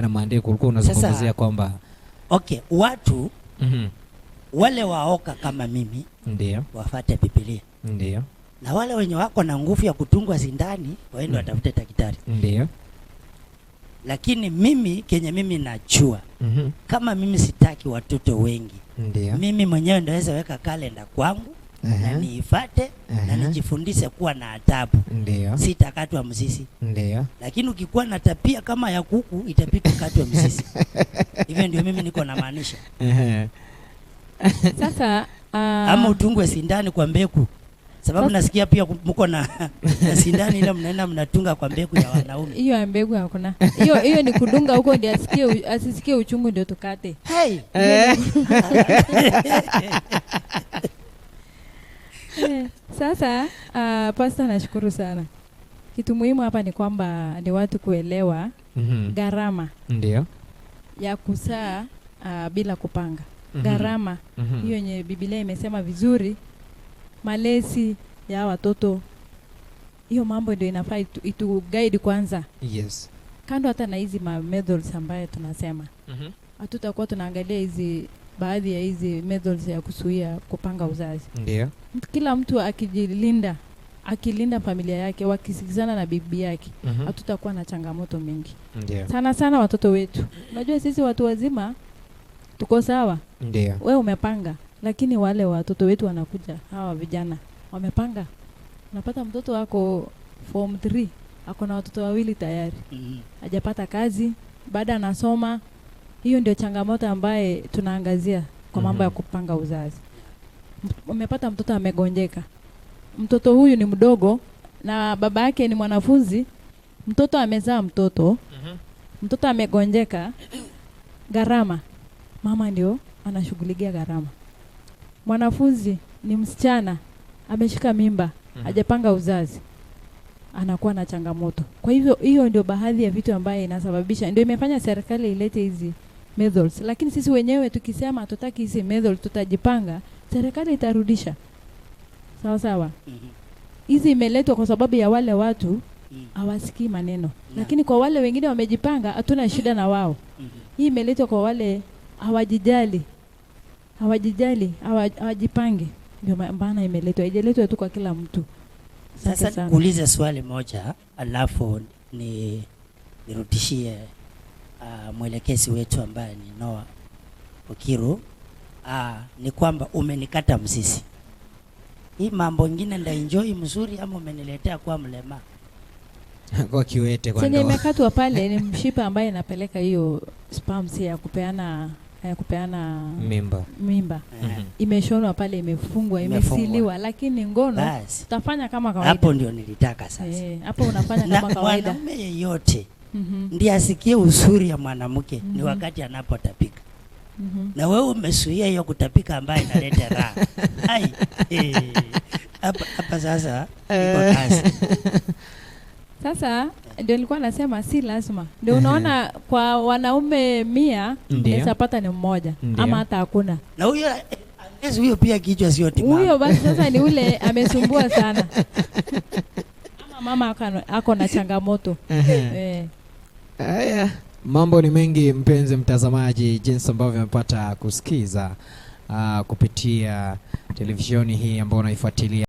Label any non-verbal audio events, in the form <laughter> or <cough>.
na maandiko ulikuwa unazungumzia kwamba okay, watu mm -hmm. wale waoka kama mimi ndio wafate Biblia ndio, na wale wenye wako na nguvu ya kutungwa sindani waende mhm. watafute daktari ndio. Lakini mimi kenye mimi najua mm -hmm. kama mimi sitaki watoto wengi ndio, mimi mwenyewe ndaweza weka kalenda kwangu uh -huh. na niifate uh -huh. na nijifundise kuwa na adabu, sitakatwa mzizi. Ndio. Lakini ukikuwa na tabia kama ya kuku itapita katwa mzizi <laughs> hivyo ndio mimi niko na uh -huh. Sasa uh... <laughs> ama utungwe sindani kwa mbeku sababu Sasa... nasikia pia mko na, <laughs> na sindani ile mnaenda mnatunga kwa mbegu ya wanaume. Hiyo ya mbegu hakuna. Hiyo hiyo ni kudunga huko ndio asikie asisikie uchungu ndio tukate. Hey. Sasa uh, ah, pasta, nashukuru sana. Kitu muhimu hapa ni kwamba ni watu kuelewa mm -hmm. gharama ndio ya kusaa uh, bila kupanga mm -hmm. gharama mm hiyo -hmm. yenye Biblia imesema vizuri, malezi ya watoto, hiyo mambo ndio inafaa itu, itu guide kwanza. Yes, kando hata na hizi methods ambayo tunasema mhm. hatutakuwa mm -hmm. tunaangalia hizi baadhi ya hizi methods ya kuzuia kupanga uzazi. yeah. Mm. Kila mtu akijilinda akilinda familia yake wakisikizana na bibi yake mhm. hatutakuwa mm -hmm. na changamoto mingi yeah. sana sana watoto wetu. Unajua sisi watu wazima tuko sawa, yeah. wewe umepanga, lakini wale watoto wetu wanakuja hawa vijana wamepanga. Unapata mtoto wako form 3 ako na watoto wawili tayari, mm. hajapata kazi, baada anasoma hiyo ndio changamoto ambaye tunaangazia kwa mhm. mambo ya kupanga uzazi. Umepata mtoto amegonjeka, mtoto huyu ni mdogo na baba yake ni mwanafunzi, mtoto amezaa mtoto mhm. mtoto amegonjeka, gharama, mama ndio anashughulikia gharama. Mwanafunzi ni msichana ameshika mimba mhm. hajapanga uzazi anakuwa na changamoto. Kwa hivyo hiyo ndio baadhi ya vitu ambayo inasababisha, ndio imefanya serikali ilete hizi methods, lakini sisi wenyewe tukisema hatutaki hizi methods, tutajipanga, serikali itarudisha sawa sawa. Mm-hmm. Hizi -hmm. imeletwa kwa sababu ya wale watu mm. hawasikii maneno yeah. Lakini kwa wale wengine wamejipanga, hatuna shida na wao mm -hmm. Hii imeletwa kwa wale hawajijali, hawajijali, hawajipange, ndio maana imeletwa, haijaletwa tu kwa kila mtu. Sasa kuulize swali moja alafu ni nirudishie uh, mwelekezi wetu ambaye ni Noa Okiru uh, ni kwamba umenikata msisi. Hii mambo ingine nda enjoy mzuri ama umeniletea kwa mlema <laughs> kwa kiwete kwa ndoa. imekatwa pale ni <laughs> mshipa ambaye inapeleka hiyo sperm si ya kupeana ya kupeana mimba, mimba. Mm -hmm. Imeshonwa pale, imefungwa, imesiliwa, lakini ngono utafanya kama kawaida. Hapo ndio nilitaka sasa. Eh, hapo e, unafanya <laughs> kama kawaida. Mwanaume yeyote -hmm. ndiye asikie uzuri ya mwanamke mm -hmm. ni mhm. wakati anapotapika mm -hmm. na wewe umesuia hiyo kutapika ambayo inaleta raha <laughs> ai eh, hapa eh, sasa kazi sasa eh. ndio nilikuwa nasema si lazima ndio eh. unaona kwa wanaume mia unaweza pata ni mmoja Ndiyo. ama hata hakuna na huyo huyo pia kichwa sio timamu huyo basi sasa ni ule <laughs> amesumbua sana ama mama ako na changamoto eh. Aya. mambo ni mengi mpenzi mtazamaji, jinsi ambavyo amepata kusikiza uh, kupitia televisheni hii ambayo unaifuatilia.